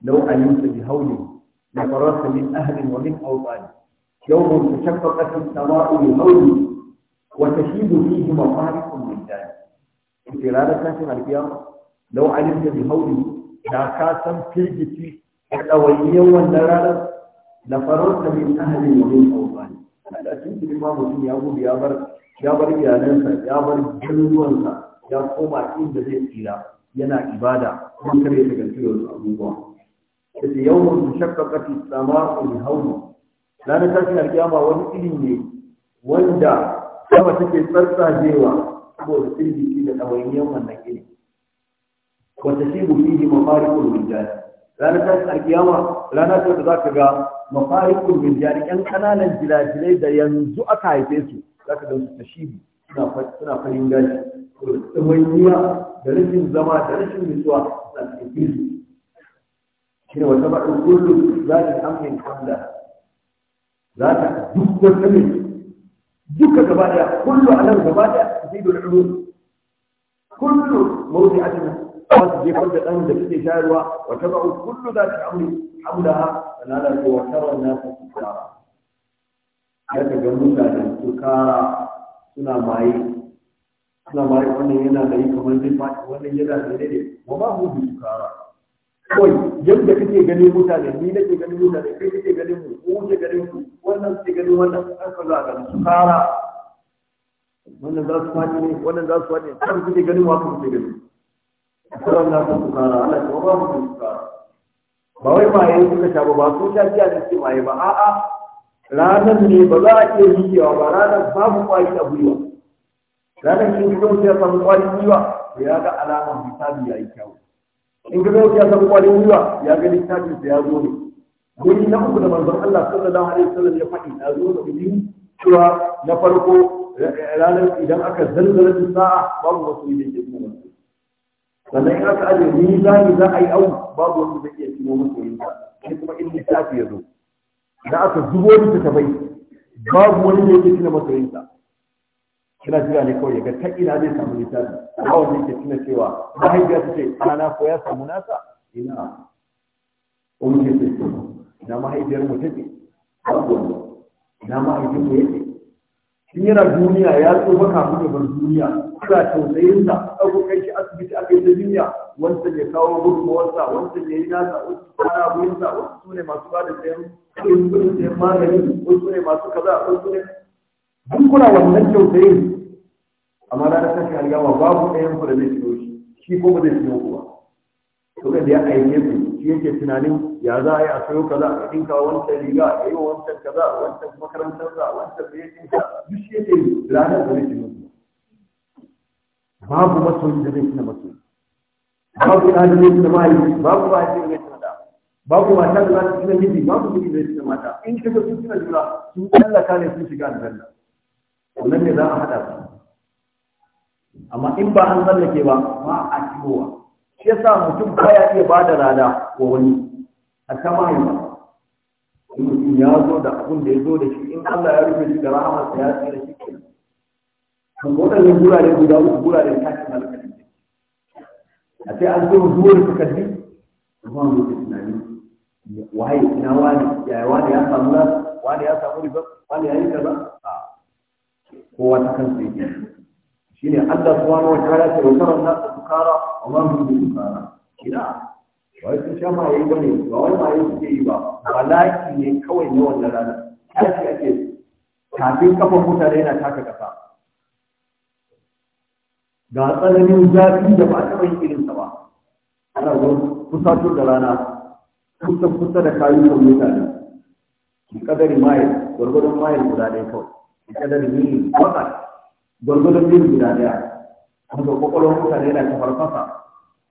lau alimta bi hauli na farasa min ahalin wa min autani يوم تشققت السماء بالهول وتشيد فيه مصارف من ذلك انت لا تنسى القيامة لو علمت بهول لا كاسم تلجتي حلوية والنرالة لفررت من أهل الوجود أوطان هذا تنسى الإمام مسلم يقول يا بر يا بر يا ننسى يا بر جنوانسى يا قوم إن بذيء إله ينا عبادة من كريتك الفيروس أبوه يوم تشققت السماء بهول ranar tashin alkiyama wani iri ne wanda sama take tsartsajewa saboda jiki da ɗawainiyar wannan iri wata shi bufi mafari mafarikul jari? ranar tashin alkiyama rana ce da za ka ga mafari mafarikul jari ƴan ƙananan jirajirai da yanzu aka haife su za ka gansu ta shi suna farin gashi saboda ɗawainiya da rashin zama da rashin nutsuwa za su fi su shi ne wata baɗin kullum za ta amfani da za ta duk wata mai duka gaba daya kullu alam gaba daya zai da ulum kullu cikin wasu jefar da ɗan da suke shayarwa wata ba'u kullu za ta amri hamda ha sanada ko wata wannan ta sukara ya ta ga mutane sukara suna maye suna maye wannan yana da yi kamar zai faɗi wannan yana da daidai ne ba hu bi kawai yadda kake ganin mutane ni nake ganin mutane kai kake ganin mu ko ke ganin mu wannan ke ganin wannan an ka za ka su fara wannan za su fadi ne wannan za su fadi ne kan kake ganin wa kake ganin sauran za su fara ana cewa ba mu su fara ba wai maye suka sha ba ba su sha biya da ce maye ba a'a ranar ne ba za a iya riƙewa ba ranar babu kwari a gwiwa ranar shi ne kawai sai a samu kwarin gwiwa ya ga alamar misali ya yi kyau in ga zai ya san kwalin gwiwa ya ga littafin sa ya zo ne guri na uku da manzon Allah sallallahu alaihi wasallam ya faɗi na zo da bidin cewa na farko ranar idan aka zanzara da sa'a babu wasu da ke kuma sannan in aka ajiye ni za ni za a yi au babu wasu da ke kuma ne shi kuma in littafi ya zo da aka zubo bai, babu wani da yake tuna masoyinsa Kina jira ne kawai ga ta ina zai samu littafi a wanda ke tuna cewa mahaifiya ta ce ana ko ya samu nasa ina umke muke ce Na mahaifiyar mu take babu wani ina mahaifin mu yake shi yana duniya ya tsufa kafin ya bar duniya kira tausayin sa ɗago kai shi asibiti aka yi ta duniya wanda ya kawo gudunmawarsa wanda ya yi nasa wasu tsara abuyinsa wasu su ne masu ba da sayan kuɗin kuɗin sayan magani wasu ne masu kaza wasu ne an kula wannan tausayin amma ranar tashi algama babu ɗayan ku da zai shigo shi shi ko ba zai shigo ku ba to da ya aike ku shi yake tunanin ya za a yi a sayo kaza a ɗinka wancan riga a yi wancan kaza a wancan makarantar za wancan da ya ɗinka duk shi yake ranar da zai shigo ku babu masoyi da zai tuna masoyi babu ina da zai tuna mahaifi babu ba da zai tuna da babu mata da za ta tuna miji babu miji da zai tuna mata in kaga sun tuna jura, sun tallaka ne sun shiga aljanna wannan ne za a haɗa su amma in ba an tsallake ba ba a ciwowa shi yasa mutum baya iya ba da rada wa wani a ta mahaifa mutum ya zo da abin da ya zo da shi in Allah ya rufe shi da rahamarsa ya tsira shi ke kan waɗannan gurare guda uku gurare tashin alƙalin a sai an zo da takardi amma mu da tunani waye ina wani yaya wani ya samu na wani ya samu riba wani ya yi kaza kowa ta kansa yake shine Allah subhanahu wa ta'ala ya rubuta wannan su kara amma mun yi kara ina wai sun sha yayi ba ne ba wai ma suke yi ba balaki ne kawai ne wannan rana kashi ake kafin kafan da yana taka kasa ga tsananin zafi da ba taɓa yin irinsa ba ana kusa to da rana kusa kusa da ne. mutane ki kadari mai gwargwadon mai guda ne kawai ki kadari ko wakar gwargwadon biyu guda daya wanda kwakwalwar mutane yana ta farfasa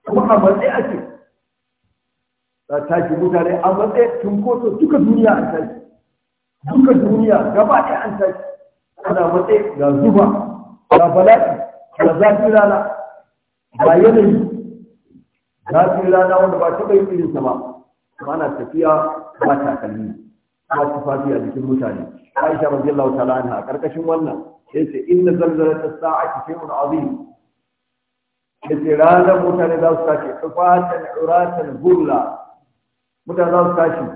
kuma a matsayi ake A tashi mutane a matsayi cunkoso duka duniya an tashi duka duniya gaba ɗaya an tashi ana matsayi ga zuba ga bala'i ga zafin rana ga yanayi zafin rana wanda ba taɓa irin sa ba kuma ana tafiya ba takalmi ba tufafi a jikin mutane aisha radiyallahu ta'ala anha karkashin wannan yace inna zalzalatas sa'ati shay'un azim yace ranar mutane za su tashi tufatan uratan gurla mutane za su tashi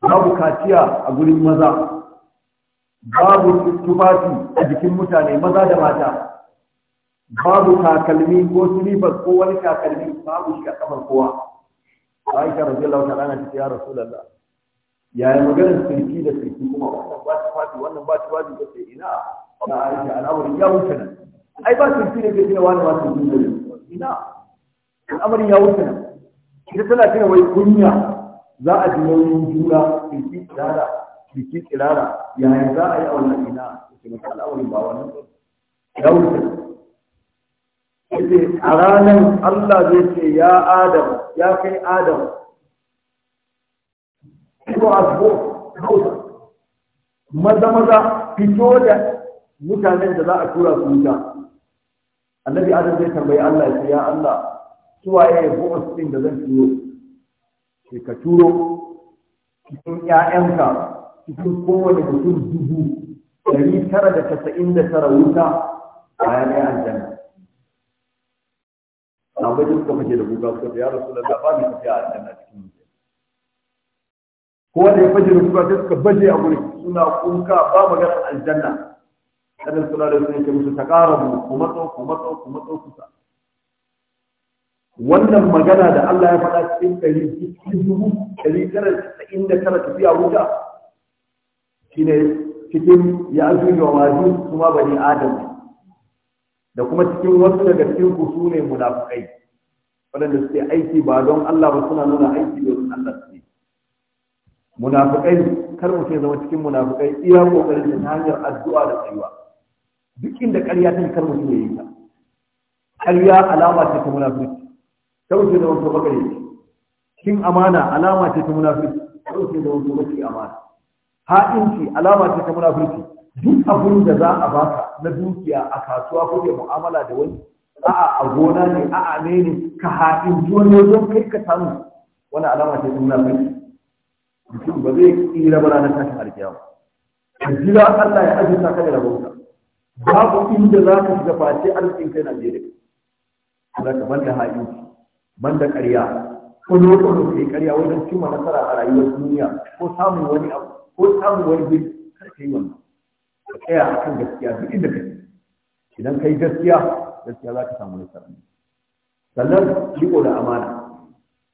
babu kaciya a gurin maza babu tufafi a jikin mutane maza da mata babu takalmi ko silifar ko wani takalmi babu shi a kafar kowa aisha radiyallahu ta'ala na ce ya rasulullah yaya maganar sirki da sirki kuma wannan ba ta fadi wannan ba ta fadi ce ina da aisha al'amari ya wuce nan ai ba su fi ne ke cewa wani ba su fi da ina al'amarin ya wuce nan ita tana cewa wai kunya za a ji nauyin juna biki tsirara biki tsirara yaya za a yi a wannan ina ce mata al'amari ba wannan ya wuce yace a ranar Allah zai ce ya Adam ya kai Adam ko asbo maza maza fito da mutanen da za a tura su wuta annabi adam zai tambayi Allah ya ce ya Allah su waye yabo din da zan turo ke ka turo cikin ƴaƴanka cikin kowane mutum dubu ɗari tara da casa'in da tara wuta bayan ɗaya aljanna na duk suka mace da kuka suka ya rasu da ba mai tafiya a aljanna cikin mutum ko wanda ya fashe da kuka sai suka baje a gurin suna kuka ba maganar aljanna annabi sallallahu alaihi wasallam ya musu taqarabu kuma matso kuma matso kuma matso kusa wannan magana da Allah ya faɗa cikin ɗari cikin dubu ɗari tara casa'in da tara tafiya wuta shine cikin ya ajuju wa waju kuma bani adam da kuma cikin wasu daga cikin ku su ne munafukai waɗanda suke aiki ba don Allah ba suna nuna aiki don Allah su munafukai kar mutum ya zama cikin munafukai iya kokarin ta hanyar addu'a da tsayuwa duk inda ƙarya ta kar mutum ya yi ta ƙarya alama ce ta munafiki Ta wuce da wanto bakare kin amana alama ce ta munafiki Ta wuce da wanto bakare amana ha'inci alama ce ta munafiki duk abin da za a baka na dukiya a kasuwa ko ke mu'amala da wani a'a a gona ne a'a ne ne ka ha'inci wani don kai ka samu wani alama ce ta munafiki mutum ba zai tsira ba na tashin alkiyama ka jira Allah ya azurta ka da rabonka babu inda za ka shiga face arzikin kai Najeriya Allah ka banda haɗi banda ƙarya Ko kullum kullum kai ƙarya wajen cimma nasara a rayuwar duniya ko samun wani abu ko samun wani bin kar ka yi wannan ka tsaya a kan gaskiya duk inda ka idan ka yi gaskiya gaskiya za ka samu nasara sannan riko da amana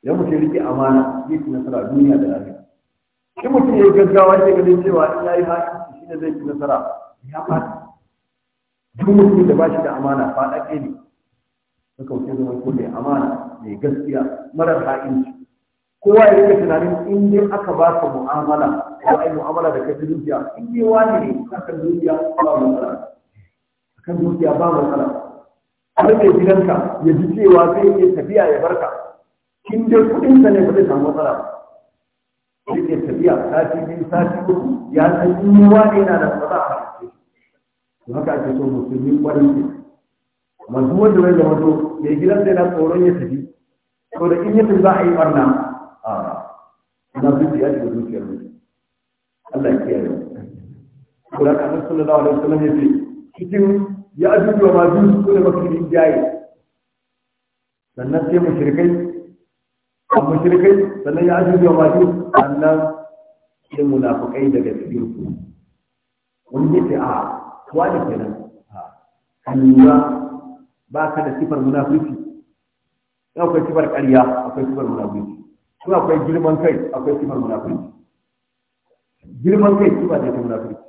idan mutum rike amana zai ci nasara duniya da lafiya in mutum ya yi gaggawa ya ganin cewa in ya yi haƙi shi ne zai ci nasara ya fata duk mutum da ba shi da amana faɗaɗe ne ta kauce zama ko mai amana mai gaskiya marar ha'inci kowa ya rike tunanin in dai aka ba ka mu'amala ko ai mu'amala da kai dukiya in dai wani ne kan dukiya ba mu matsala kan dukiya ba mu matsala har mai gidanka ya ji cewa zai iya tafiya ya barka Kin dai kuɗinsa ne ba zai samu matsala ba iya tafiya sati biyu sati uku ya san in wani yana da matsala a to haka ake so musulmi kwarin ke amma duk wanda bai zama to mai gidan sai na tsoron ya tafi to da in ya za a yi barna a na zuciya ce da zuciyar mutum Allah ya kiyaye ko da kan sallallahu alaihi wasallam ya ce cikin ya ajuju wa majuju ko da makirin jaye sannan sai mushrikai a mushrikai sannan ya ajuju wa majuju sannan sai munafikai daga cikin ku wani ya ce a wani kenan a lura ba ka da sifar munafurci in akwai sifar ƙarya akwai sifar munafurci in akwai girman kai akwai sifar munafurci girman kai sifar da ta munafurci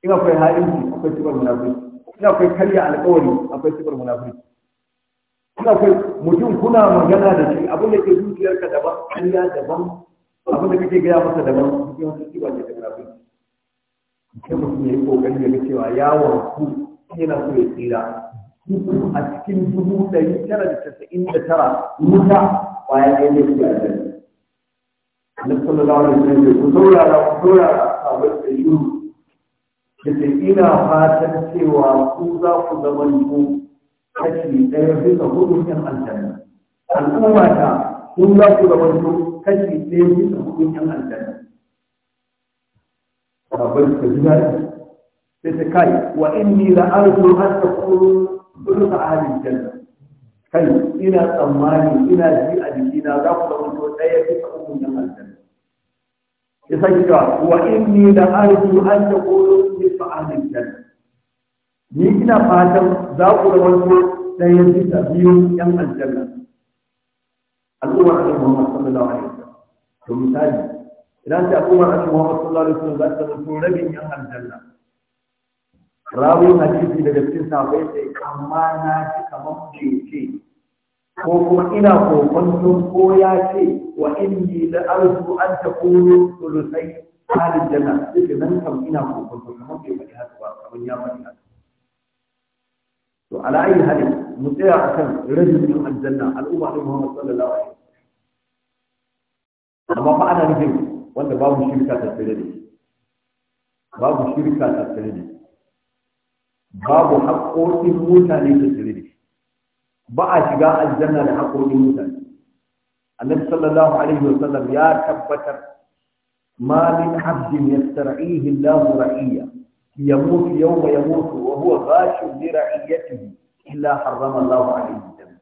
in akwai ha'inci akwai sifar munafurci in akwai karya alƙawari akwai sifar munafurci in akwai mutum kuna magana da shi abin da ke zuciyarka daban ƙarya daban abin da kake gaya masa daban cikin wasu sifa ce ta munafurci sai mutum ya yi kokari ya ga cewa yawon ku yana so ya tsira a cikin dubu ɗari tara da casa'in da tara wuta bayan ɗaya ne ke a jari annabi sallallahu alaihi wasallam ku saurara ku saurara sabai da shiru da ce ina fatan cewa ku za ku zama ku kashi ɗaya bisa hudu yan aljanna al'umma ta kun za ku zama ku kashi ɗaya bisa hudu yan aljanna sahabbai suka ji daɗi sai ta kai wa inni la arju an takunu kullu ahli janna kai ina tsammani ina ji a jikina za ku zama to ɗaya bisa uku na aljanna ya sake cewa wa inni la arju an takunu nisfa ahli janna ni ina fatan za ku zama to ɗaya bisa biyu yan aljanna al'ummar annabi Muhammad sallallahu alaihi wasallam to misali idan ta kuma a cikin Muhammad sallallahu alaihi wasallam za ta zama rabin yan aljanna rawi hadisi daga cikin sahabbai sai amma na ji kamar ce ko kuma ina kokonton ko ya ce wa inni la arju an takunu sulusai halin janna duk nan kam ina kokonton kamar bai faɗi haka ba kamar ya faɗi haka to ala ayi hali mu tsaya akan rabin yan aljanna al'umma din Muhammad sallallahu alaihi wasallam amma fa ana nufin wanda babu shirka tattare da babu shirka tattare da babu haƙoƙin mutane tattare da shi ba a shiga aljanna da haƙoƙin mutane annabi sallallahu alaihi wa sallam ya tabbatar ma min abdin yastar'ihi Allah ra'iyya yamut yawma yamut wa huwa ghashun li ra'iyatihi illa harrama Allah alaihi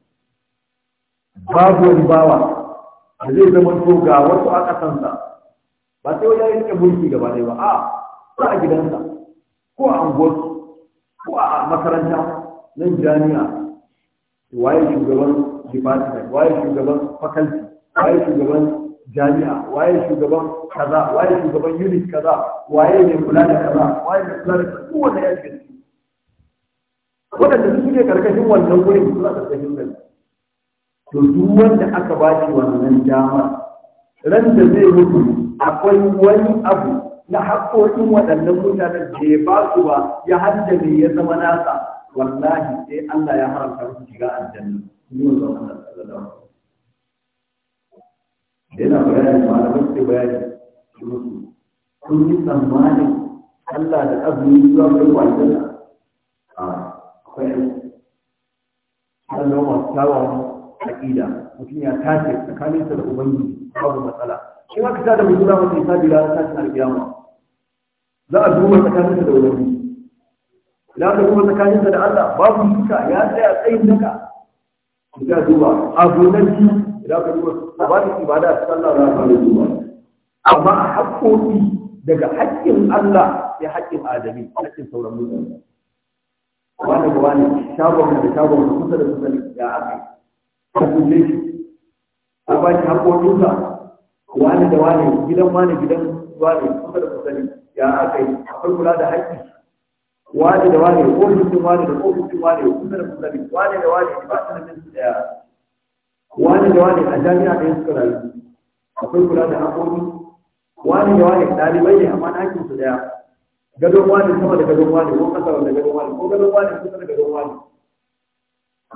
babu wani bawa da zai zama to ga wasu a akasansa ba sai wajen rike mulki gaba ɗaya ba a ko a gidansa ko a unguwarsu ko a makaranta nan jami'a waye shugaban department waye shugaban faculty waye shugaban jami'a waye shugaban kaza waye shugaban unit kaza waye mai kula da kaza waye mai kula da kaza kowanne ya shiga wadanda su suke karkashin wannan wurin suna karkashin nan to duk wanda aka ba shi wannan damar ran da zai mutu akwai wani abu na haƙoƙin waɗannan mutanen da ya ba su ba ya ne ya zama nasa wallahi sai Allah ya haramta musu shiga aljanna yau da wannan sallallahu yana bayani malamin sai bayani musu kun yi tsammanin Allah da azumi zuwa kai wa aljanna a akwai har wa kyawawan aƙida mutum ya tace tsakaninsa da ubangiji babu matsala in aka sa da mutum za mu sai sabi ranar tashin alkiyama za a duba tsakaninsa da wani idan aka duba tsakaninsa da Allah babu duka ya tsaya tsayin daga za a duba a gonanci idan aka duba ba sabatin ibada sallah za a fara duba amma haƙƙoƙi daga haƙƙin Allah ya haƙƙin adami haƙƙin sauran mutane wani ga wani shagon da shagon kusa da kusa ya aka yi a kulle shi a ba shi haƙƙoƙinsa wani da wani gidan wani gidan wani kusa da kusa ne ya aka yi akwai kula da haƙƙi wani da wani ofisin wani da ofisin wani kusa da kusa ne wani da wani ba su da minti daya wani da wani a jami'a da suka rayu akwai kula da haƙoƙi wani da wani ɗalibai ne amma na haƙƙin su daya gadon wani sama da gadon wani ko ƙasa da gadon wani ko gadon wani kusa da gadon wani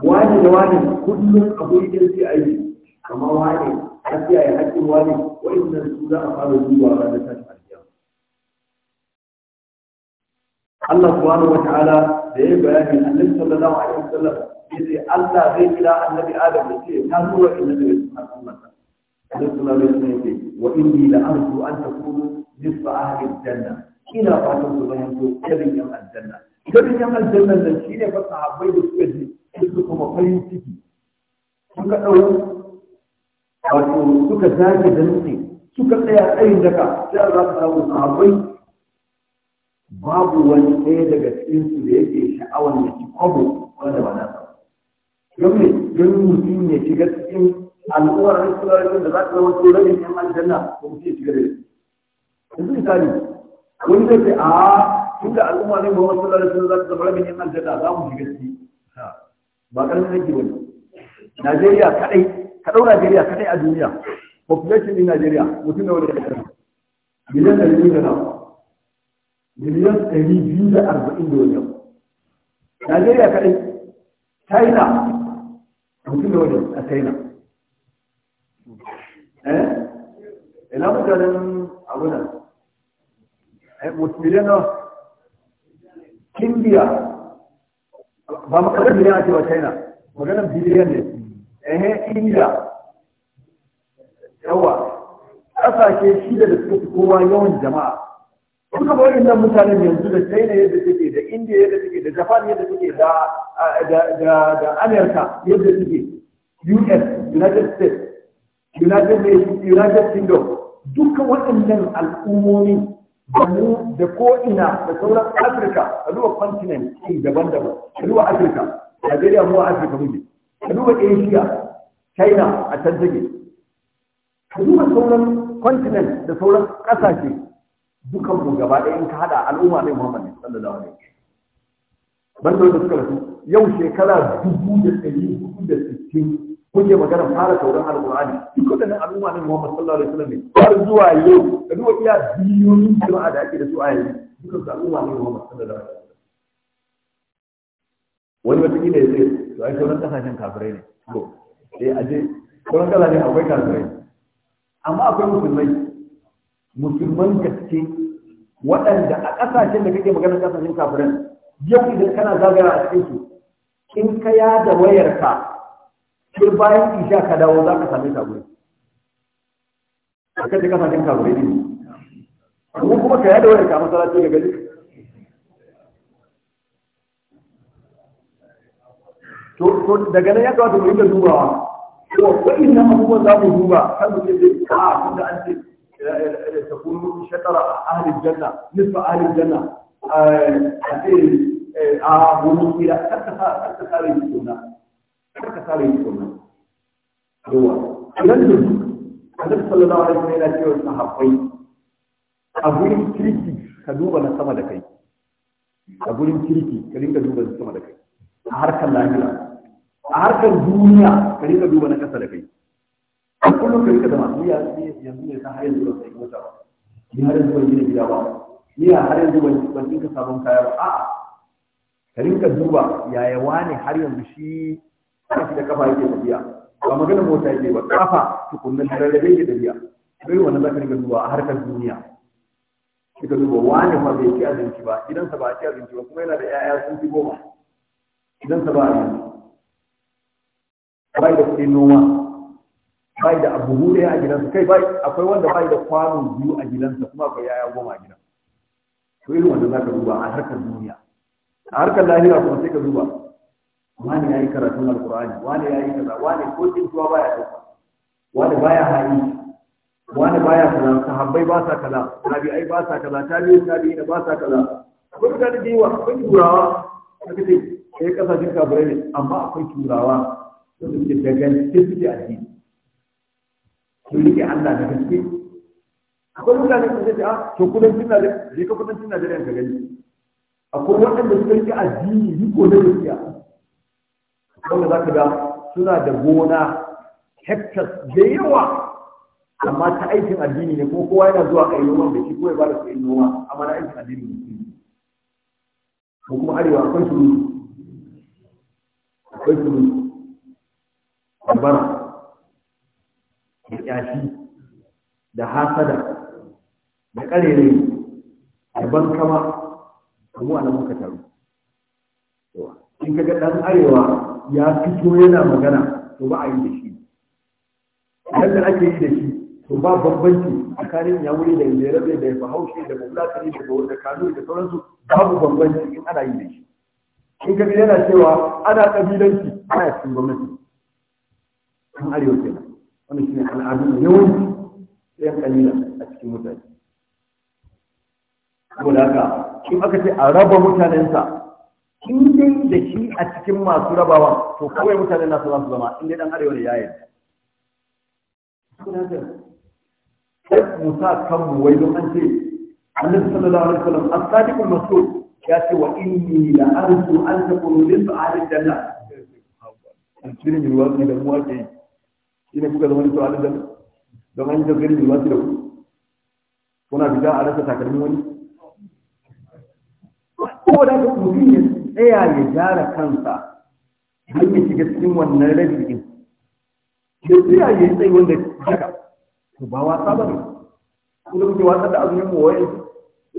wani da wani kullum yake sai yi amma wani an kiyaye haƙƙin wani wa'annan su za a fara zuwa ranar tashin alkiyama Allah subhanahu wa ta'ala da ya bayani annabi sallallahu alaihi wasallam yace Allah zai kira annabi Adam da ce ta zuwa inna da subhanallah annabi sallallahu alaihi wasallam yace wa inni la arju an takunu nisfa ahli janna ina fatan su zamanto irin yan aljanna irin yan aljanna da shine fa sahabbai da suka ji su kuma farin ciki suka dau wato suka zage da nutse suka tsaya tsayin daga sai za ka samu sahabbai babu wani ɗaya daga cikinsu da yake sha'awar ya ci kwabo wanda ba na don ne don mutum ya shiga cikin al'ummar rasulallah da za ka zama wasu rabin yan aljanna ko mutum ya shiga da yanzu misali wani zai ce a tun al'umma ne ba wasu lalata za ta zama rabin yan aljanna za mu shiga ciki ba ƙarfin nake wani najeriya kaɗai ka ɗau Najeriya ka a duniya population din Najeriya mutum da wani ƙasar miliyan ɗari biyu da na miliyan ɗari biyu da arba'in da wani Najeriya kaɗai China mutum da wani a China eh ina mutanen abu nan eh, miliyan nawa India ba makarar miliyan a cewa China maganar biliyan ne ehe india yawa ƙasashe shida da suka fi kowa yawan jama'a duka ba nan mutanen yanzu da china yadda suke da india yadda suke da japan yadda suke da da america yadda suke us united states united nations united kingdom dukkan waɗannan al'ummomi Banu da ko'ina da sauran Afirka, a zuwa continent ɗin daban-daban, a zuwa Afirka, a mu Afirka muke. ka duba asia china a can take ka duba sauran continent da sauran ƙasashe dukan mu gaba ɗaya in ka haɗa al'umma mai muhammad sallallahu alaihi wasallam ban da suka rasu yau shekara dubu da ɗari hudu da sittin kuke magana fara sauran alƙur'ani duk waɗannan al'umma mai Muhammad sallallahu alaihi wasallam har zuwa yau Ka duba iya biliyoyin jama'a da ake da su a yanzu su al'umma mai Muhammad sallallahu alaihi wasallam wani wata kila ya ce to ai sauran kasashen kafirai ne to sai a je sauran kasashen akwai kafirai amma akwai musulmai musulman gaske waɗanda a ƙasashen da kake magana ƙasashen kafirai yau idan kana zagaya a cikin su in ka yada wayarka sai bayan isha ka dawo za ka same ta a kan kasashen kafirai ne kuma ka yada wayarka a masalaci ga gari to daga nan ya kawata mu dinga dubawa to waɗannan abubuwan za mu duba kan mu ce a tunda an ce تكون شطر أهل الجنة نصف أهل الجنة a wurin tsira karka sare shi kuna karka sare shi kuna yawa idan da annabi sallallahu alaihi wasallam yana cewa sahabbai a gurin kirki ka duba na sama da kai a gurin kirki ka dinga duba na sama da kai a harkar lahira a harkar duniya ka rika duba na kasa da kai kullum ka rika da masu ya yanzu ne ta har yanzu ba sai mota ba ni har yanzu ban gina gida ba ni har yanzu ban dinka sabon kaya ba a'a ka rika duba yaya wane har yanzu shi kashi da kafa yake tafiya ba magana mota yake ba kafa tukunnan da yake tafiya kai wannan ka rika duba a harkar duniya kika duba Wani ma bai ci abinci ba gidansa ba a ci abinci ba kuma yana da 'ya'ya sun fi goma gidansa ba abinci bai da kuɗin noma bai da abu hure a gidansa kai bai akwai wanda bai da kwano biyu a gidansa kuma akwai yaya goma a gidan to irin wanda zaka duba a harkar duniya a harkar lahira kuma sai ka duba wani yayi karatun alqur'ani wani yayi kaza wani ko kin tuwa baya dauka wani baya hayi wani baya kaza sahabbai ba sa kaza tabi'ai ba sa kaza tabi'in tabi'i ba sa kaza akwai mutane da yawa akwai turawa kake ce kai kasashen kafirai ne amma akwai turawa suka ce da gaske suke addini su rike Allah da gaske akwai mutane da suke a ah, to kudancin Najeriya je ka kudancin Najeriya ka gani akwai waɗanda suka rike addini riko na gaskiya wanda za ka ga suna da gona hectares da yawa amma ta aikin addini ne kuma kowa yana zuwa kai noman da shi ko ya bada kai noma amma na aikin addini ne ko kuma arewa akwai su akwai su kabar da ƙyashi da hasada da karere da bankama kamu a nan muka taru in kaga ɗan arewa ya fito yana magana to ba a yi da shi yadda ake yi da shi to ba bambanci tsakanin ya wuri da lerabe da bahaushe da bulatani da gowar da kano da sauransu babu bambanci in ana yi da shi in kaga yana cewa ana kabilanci ana cikin gwamnati an arewa kenan wannan shine al'adu yawanci sai yan kalila a cikin mutane Ko da haka in aka ce a raba mutanensa in dai da shi a cikin masu rabawa to kawai mutanen nasu za su zama in dai dan arewa da yayin sai mu sa mu, wai don an ce annabi sallallahu alaihi wasallam as-sadiqul mas'ud ya ce wa inni la arju an takunu lil ba'al janna alkirin ruwa ne da muwa Ina ne kuka zama da tsawo da don an yi gaggari mai wasu da ku kuna fita a rasa takalmin wani ko da ka mutum ya tsaya ya gyara kansa har yi shiga cikin wannan rabi din ya tsaya ya yi tsayi wanda haka ko ba wasa ba ne kuma kuke wasa da azumin mu wai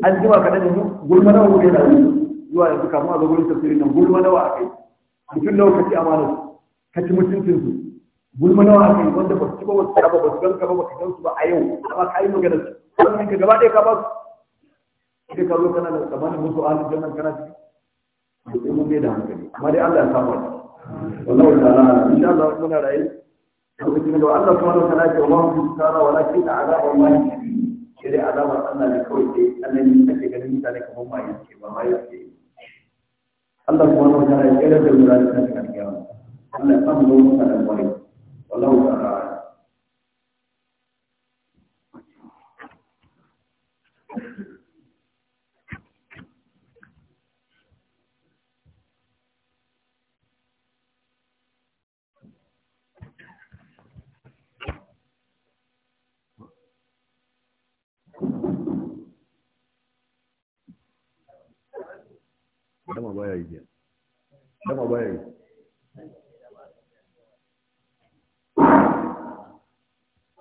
an jima kaɗan yanzu gulma nawa kuke da zuwa yanzu kafin a zo gurin tafsirin nan gulma nawa a kai mutum nawa ka ci amanar ka ci mutuncinsu gulma nawa aka yi wanda ba su ba wasu ba ba su ba ba ka ba a yau amma ka yi magana su ka gaba ɗaya ka ba su ka zo kana da tsammanin musu ahalin jannan kana ciki to sai mun da hankali amma dai Allah ya samu wata ta'ala insha Allah muna lokacin da Allah subhanahu wa ta'ala ya ce wa ma Allah Allah ne kawai ganin mutane kamar ma yake ba ma yake Allah subhanahu wa ta'ala ya da kan kiyama Allah ya samu lokacin da wallahu ta'ala dama baya yi dama baya yi